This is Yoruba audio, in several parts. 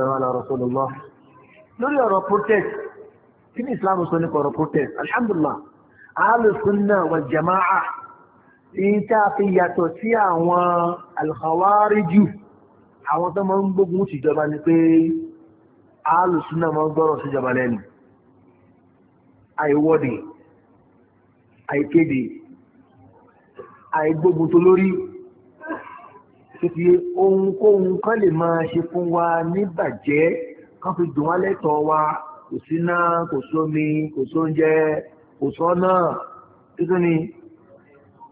sọ́wọ́n lọ Rasulullah lórí ọ̀rọ̀ protest kí ni Islam sọ nípa ọ̀rọ̀ protest alhamdulillah alùsùnà wà jama'a èyí tá a fi yàtọ̀ sí àwọn alkhawariju àwọn tó máa ń gbógun tìjọba ni pé alùsùnà máa ń gbọ́rọ̀ síjọba lẹ́nu àìwọ́de àìkéde àìgbógun tó lórí títí ohunkóhun kan lè máa ṣe fún wa níbàjẹ́ kan fi dùn wá lẹ́tọ̀ọ́ wa kò síná kò sómi kò sóúnjẹ kò sọ́nà títún ni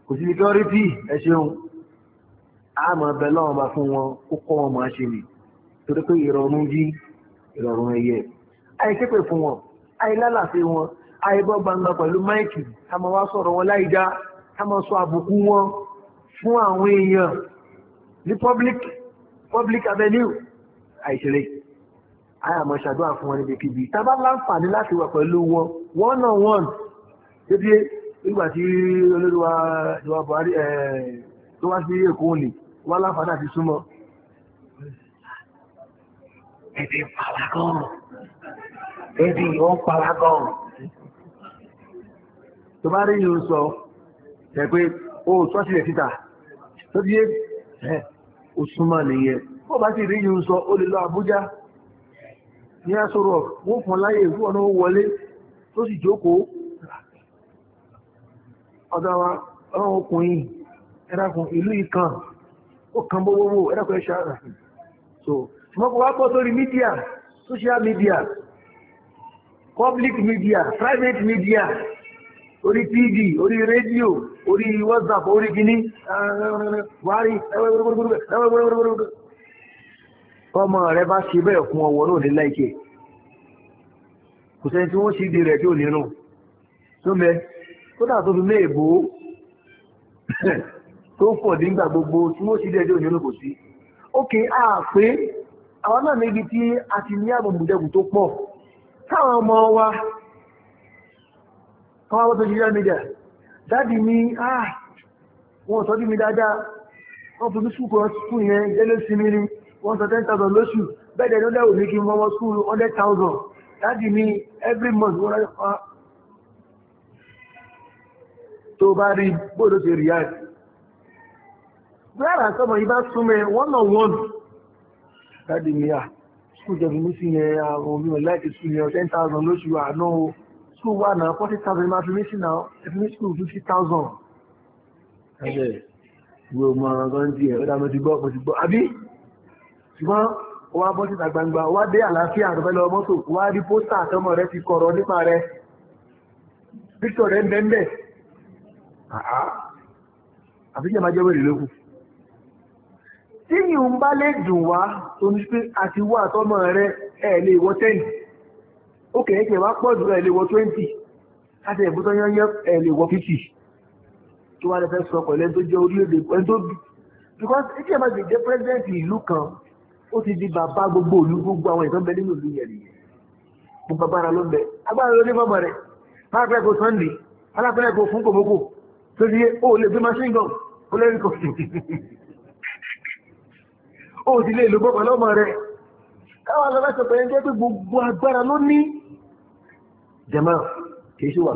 kò sí security ẹ ṣeun a máa bẹ lọ́wọ́ bá fún wọn kó kọ́ wọn máa ṣe ni torí pé ìrọ̀rùn jí ìrọ̀rùn ẹ̀yẹ àìképe fún wọn àìlálàfẹ́ wọn àìbọ́ gbangba pẹ̀lú máìkì ká máa wá sọ̀rọ̀ wọn láìdá ká máa sọ àbùkù wọn fún àwọn èèyàn ní public public avenue àìṣeré àyàmọ̀ ṣàdúrà fún wọn níbi kíbi tábà láǹfààní láti wà pẹ̀lú wọn one on one débi nígbà tí olóríwá ìwà Buhari tó wá sí Èkó òní wá láǹfààní àti súnmọ́ ẹbí palagọ́n ẹbí ìwọ́n palagọ́n tó bá rí yìí ń sọ ẹ̀ pé ó sọ́sílẹ̀ títà tó bí yé ó súnmọ́ nìyẹn bó bá sì rí yìí ń sọ ó lè ní àsọ̀rọ̀ wọ́n láyé si ọ̀nà wọlé tó sì jókòó ọ̀dọ̀ wa ọ̀rọ̀ ìlú ìkan ó kan so social media public media media orí tv orí rédíò orí whatsapp orí Gini, wárí ọmọ rẹ bá ṣe bẹ́ẹ̀ kún ọwọ́ náà ní láìkẹ́ kò sẹ́ni tí wọ́n ṣe di rẹ̀ tí ò nínú tó mẹ́ kódà tó fi mẹ́ èbó tó pọ̀ nígbà gbogbo tí wọ́n ṣe di rẹ̀ tí ò nínú kò sí ókè àpé àwọn náà níbi tí a ti ní àbòmùdẹ́kù tó pọ̀ táwọn ọmọ wa kan wọ́n tó social media dáàdì mi ah wọ́n tọ́jú mi dáadáa wọ́n fi skúl kan skúl yẹn jẹ́lẹ̀ sí mi ní wọ́n sọ ten thousand lóṣù bẹ́ẹ̀ dẹ̀ lọ́dẹ̀ òní kí n mọ́wọ́ skúl hundred thousand dáàdì mi every month wọ́n rẹ̀ fa ah. tó bá rí bóòdó ti rí àì gbára sọmọ yìí bá súnmẹ́ one on one dáàdì mi ah skúl jẹ́ fún mi sí yẹn àwọn ah, omi ten thousand lóṣù àná o school wà náà forty thousand máa fi mí sí náà school fifty thousand. ẹ̀jẹ̀ wo mọ ọ̀ràn gan díẹ̀ ó dáa mo ti gbọ́ mo ti gbọ́ àbí ṣùgbọ́n wá bọ́ síta gbangba wá dé àlàáfíà rẹ lọ mọ́tò wá rí pósítà àtọmọ rẹ ti kọ̀rọ̀ nípa rẹ píktọ̀ rẹ ń bẹ́ẹ̀ àbí jẹ́ máa jẹ́ wẹ̀rẹ̀ lókù tí yìí ń bá lè dùn wá tó ní pé àti wá àtọmọ rẹ ẹ̀ lè wọ́ tẹ́yìn ó kèrè kèrè wá pọ̀ jùlọ ẹ̀lẹ́wọ̀ 20 láti ẹ̀bùtọ́ yányẹ́ ẹ̀lẹ́wọ̀ 50 tó wá lè fẹ́ sọ pẹ̀lú ẹni tó jẹ́ orílẹ̀-èdè ẹni tó bí because ẹ̀kí ẹ̀ bá ti jẹ́ president ìlú kan ó ti di bàbá gbogbo ìlú gbogbo àwọn ìtàn bẹ nínú ìlú yẹn nìyẹn gbogbo agbára ló ń bẹ agbára ló ní bàbá rẹ alápẹ̀rẹ̀ kò sunday alápẹ̀rẹ̀ kò fún kòmókò tó ti yé ó lè gbé machine gun ó lè rí kò ó ti lè lò bọ́ pẹ̀lú ọmọ káwọn lọ láti ọ̀pẹ̀yẹn jẹ́ pé gbogbo agbára ló ní jẹ̀mọ́ kìí ṣe wà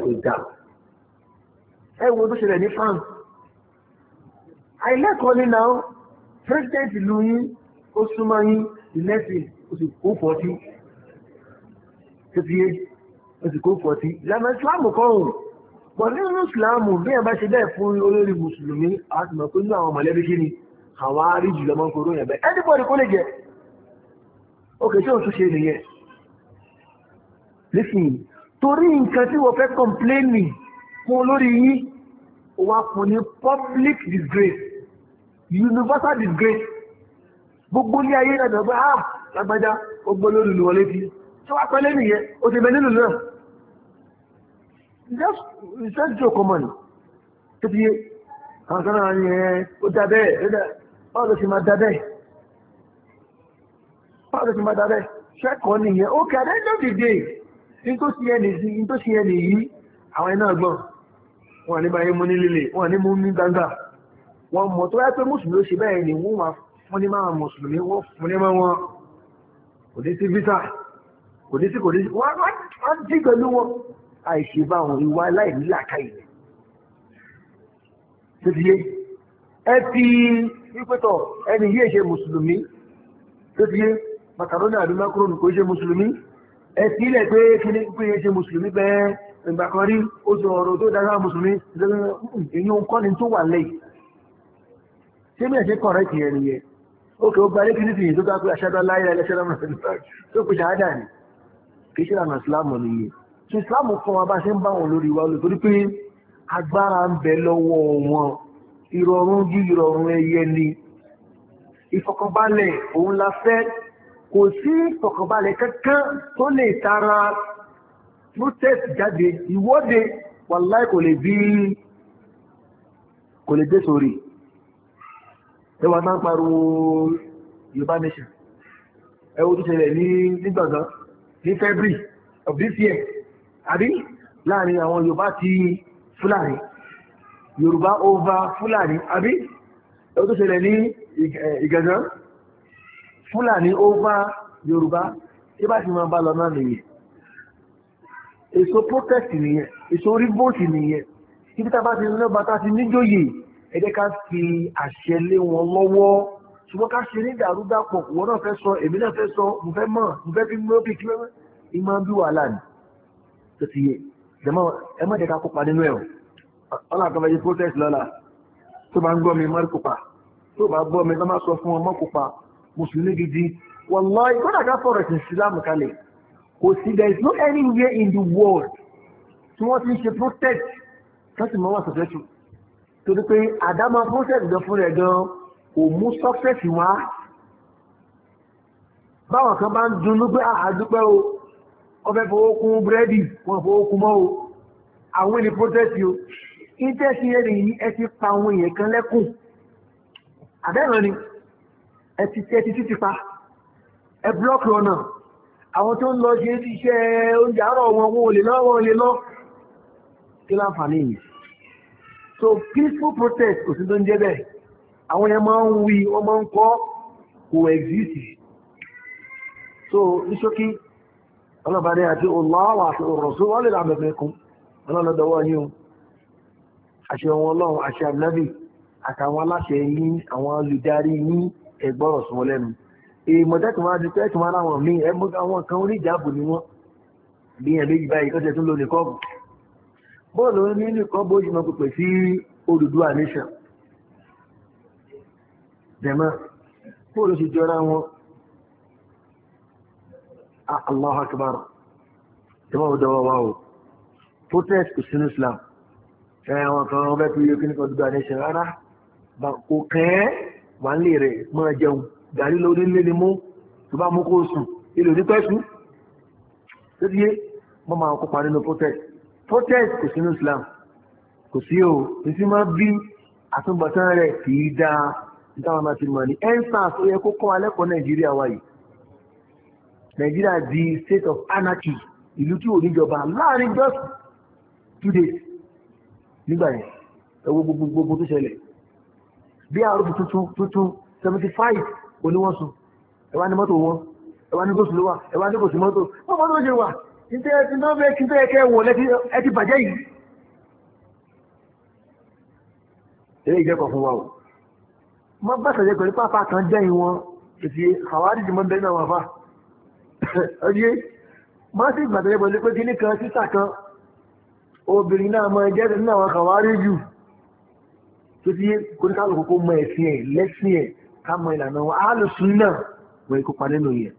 tó ṣẹlẹ̀ ní France àìlẹ́kọ̀ọ́ ní náà president ìlú yín ó súnmọ́ yín ìlẹ́sìn oṣù kó fọ́tí tó fi yé oṣù fọ́tí ìlànà Islam kọ́rùn pọ̀ nínú Islam bí ẹ bá ṣe bẹ́ẹ̀ fún olórí mùsùlùmí àti mọ̀ pé ní àwọn mọ̀lẹ́bí kí ni àwọn arí jùlọ mọ́ kóró yẹn bẹ́ẹ̀ anybody òkè tí ó tún ṣe nìyẹn lẹ́sìn torí nǹkan tí wọ́n fẹ́ kọ́mpléènì fún olórí yín wà fún ní public disgrace universal disgrace gbogbo ní ayé rẹ̀ lọ́gbà "Ah, lágbájá gbogbo lórí lu wọlé bí tí wàá pẹ́lẹ́ nìyẹn ó ti bẹ nínú náà just just joe common tó fi yé àwọn kan náà ni ó dá bẹ́ẹ̀ ó dá báwo ló ti máa dá bẹ́ẹ̀ pàtàkì ti máa dábẹ́ ṣẹ́kọ̀ọ́ nìyẹn ó kẹ́ àdá ẹjọ́ dìde ní tó ṣe ẹni sí ní tó ṣe ẹni yìí àwọn ẹni náà gbọ́n wọn ní báyé mú ní líle wọn ní mú ní gbangba wọn mọ̀ tó yá pé mùsùlùmí ó ṣe bẹ́ẹ̀ ni wọ́n wà fún ní máa mùsùlùmí wọ́n fún ní máa wọn kò ní sí visa kò ní sí kò ní sí wọ́n dí pẹ̀lú wọn àìṣe bá wọn ìwà aláìní làkàyè títí ẹ ti wípé tọ ẹni yìí ṣe mùsùlùmí títí makaroni àbí makaroni kò ṣe mùsùlùmí ẹ̀sìn ilẹ̀ pé kí ní pé ṣe mùsùlùmí bẹ́ẹ̀ ìgbà kan rí ó sọ ọ̀rọ̀ tó dára mùsùlùmí èyí ń kọ́ ni tó wà lẹ́yìn ṣé bí ẹ̀ṣẹ́ kọ̀rẹ́ kìí ẹni yẹ ókè ó gba lẹ́kìí nísìnyí tó bá ni kì í ṣe lànà ìsìlámù nìyẹn ṣe ìsìlámù fún wa bá ṣe ń bá wọn lórí wa olùtorí pé agbára ń bẹ lọ́wọ́ wọn ìrọ̀rùn bí ìrọ̀rùn ẹyẹ ni ìfọkànbalẹ̀ òun la fẹ́ kò sí ìfọ̀kànbalẹ̀ kankan tó lè tara protest jáde ìwọ́de wàláì kò lè bí kò lè dé sórí ẹwà náà pariwo Yorùbá nation ẹwọ tó ṣẹlẹ̀ ní nígbàgbọ́n ní February of this year àbí láàrin àwọn Yorùbá ti Fúlàní Yorùbá over Fúlàní àbí ẹwọ tó ṣẹlẹ̀ ní eh, Ìgàngán Fúlàní ó bá Yorùbá tí bá ti máa bá lọ náà nìyẹn. Èso protest nìyẹn, èso orí vóòtì nìyẹn. Ibi tá a bá ti ní ọba tá a ti níjòyè, ẹ jẹ́ ká fi àṣẹ lé wọn lọ́wọ́. Ṣùgbọ́n ká ṣe ní ìdàrúdàpọ̀, wọ́n náà fẹ́ sọ, èmi náà fẹ́ sọ, mo fẹ́ mọ̀, mo fẹ́ fi mú ọ́bì kí wẹ́wẹ́. Ìmọ̀ bí wàhálà ni. Tó ti yẹ, ẹ má jẹ́ ká kópa nínú ẹ̀ o. Ọlá kan fẹ́ protest lọ́la. Tó bá ń gbọ́ mi, má kópa. Tó bá gbọ́ mi, lọ́ má sọ fún ọ, má kópa mùsùlùmí gidi wallahi kódà ká sọ̀rọ̀ ẹ̀sìn islam kalẹ̀ kò sí there is no anywhere in the world tí wọ́n ti ń ṣe protest láti mọ́ wọn sọ̀fẹ́ tù torí pé àdámọ́ protest gan fún rẹ̀ gan kò mú success wá báwọn kan bá ń dunnú pé àádúpẹ́ ah, o ọfẹ́ fowó kún búrẹ́dì wọn fowó kún mọ́ o àwọn èlè protest o interest yẹn ẹ ti pa àwọn èèyàn kan lẹ́kùn àbẹ́rẹ́ ni ẹ̀tì títí pa ẹ búlọ́ọ̀kì ọ̀nà àwọn tó ń lọ ṣe iṣẹ́ oúnjẹ àárọ̀ wọn wọn lè lọ wọn lè lọ kí láǹfààní yìí so peaceful protest kò sí tó ń jẹ́ bẹ́ẹ̀ àwọn yẹn máa ń wí wọ́n máa ń kọ́ kò exist so ní ṣókí ọlọ́bàdé àti ọlọ́wà àti ọ̀rọ̀sọ́ wọ́n lè lábẹ̀mẹ́kún ọlọ́lọ́dọ̀wọ́ ní o àṣẹ wọn ọlọ́run àṣẹ ànábì àtàwọn aláṣẹ yín àwọn olùdarí yín ẹgbọ́rọ̀ sún wọn lẹ́nu èèmọ̀ tẹ́tùn máa di tẹ́tùn máa láwọn míì ẹmú àwọn kan oníjàbù ni wọ́n bí ẹ̀ méjì báyìí tọ́jẹ́ tún lò nìkọ́ọ̀bù bọ́ọ̀lù ní nìkọ́ọ̀bù ojú máa pèpè sí Odùduwà nation jẹ̀mọ́ bọ́ọ̀lù sì jọra wọn ah, Allahu Akbar jẹ́mọ́ ọ̀dọ́ wa o protest kò sínú Islam ẹ̀ kan wọ́n fẹ́ fi yókè nìkan Odùduwà nation rárá kò wà ń lè rẹ̀ mọ́ jẹun gàrí lórí lé ni mú tó bá mú kó sùn ilò ní pẹ́sù tó díye mọ́ máa kópa nínú protest protest kò sínú Islam kò sí o èsì máa bí àtúbọ̀tán rẹ̀ kì í dáa nítawọn máa ti mọ̀ ní endsars ó yẹ kó kọ́ alẹ́kọ̀ọ́ Nàìjíríà wa yìí Nàìjíríà di state of anarchy ìlú tí ò níjọba láàrin just two days nígbà yẹn ẹ wo gbogbo gbogbo tó ṣẹlẹ̀ bí àrùn tuntun tuntun seventy five oníwọ̀nsùn ẹ̀wá ní mọ́tò wọn ẹ̀wá ní gòsùn ló wà ẹ̀wá ní gòsùn mọ́tò wọ́n mọ́tò ṣe wà nítorí ẹ̀kí tó fẹ́ kí fẹ́ kẹ́ wọ̀ lẹ́tí ẹ ti bàjẹ́ yìí. eré ìjẹ́kọ̀ fún wa o má bá sàjẹ́ pẹ̀lú pápá kan jẹ́yìn wọn èsì àwárí ti mọ́ bẹ́ẹ̀ náà wà fà ọdíyé má sì gbàdúrà pẹ̀lú pé kíní kan sísà kan obìnrin náà mọ ẹjẹ́ nínú àwọn àwárí jù tó ti yé kóníkàlù kókó mọ ẹ̀sìn ẹ̀ lẹ́sìn ẹ̀ ká mọ ìlànà wọn á lò sún náà wọ́n ikú pa nínú yẹn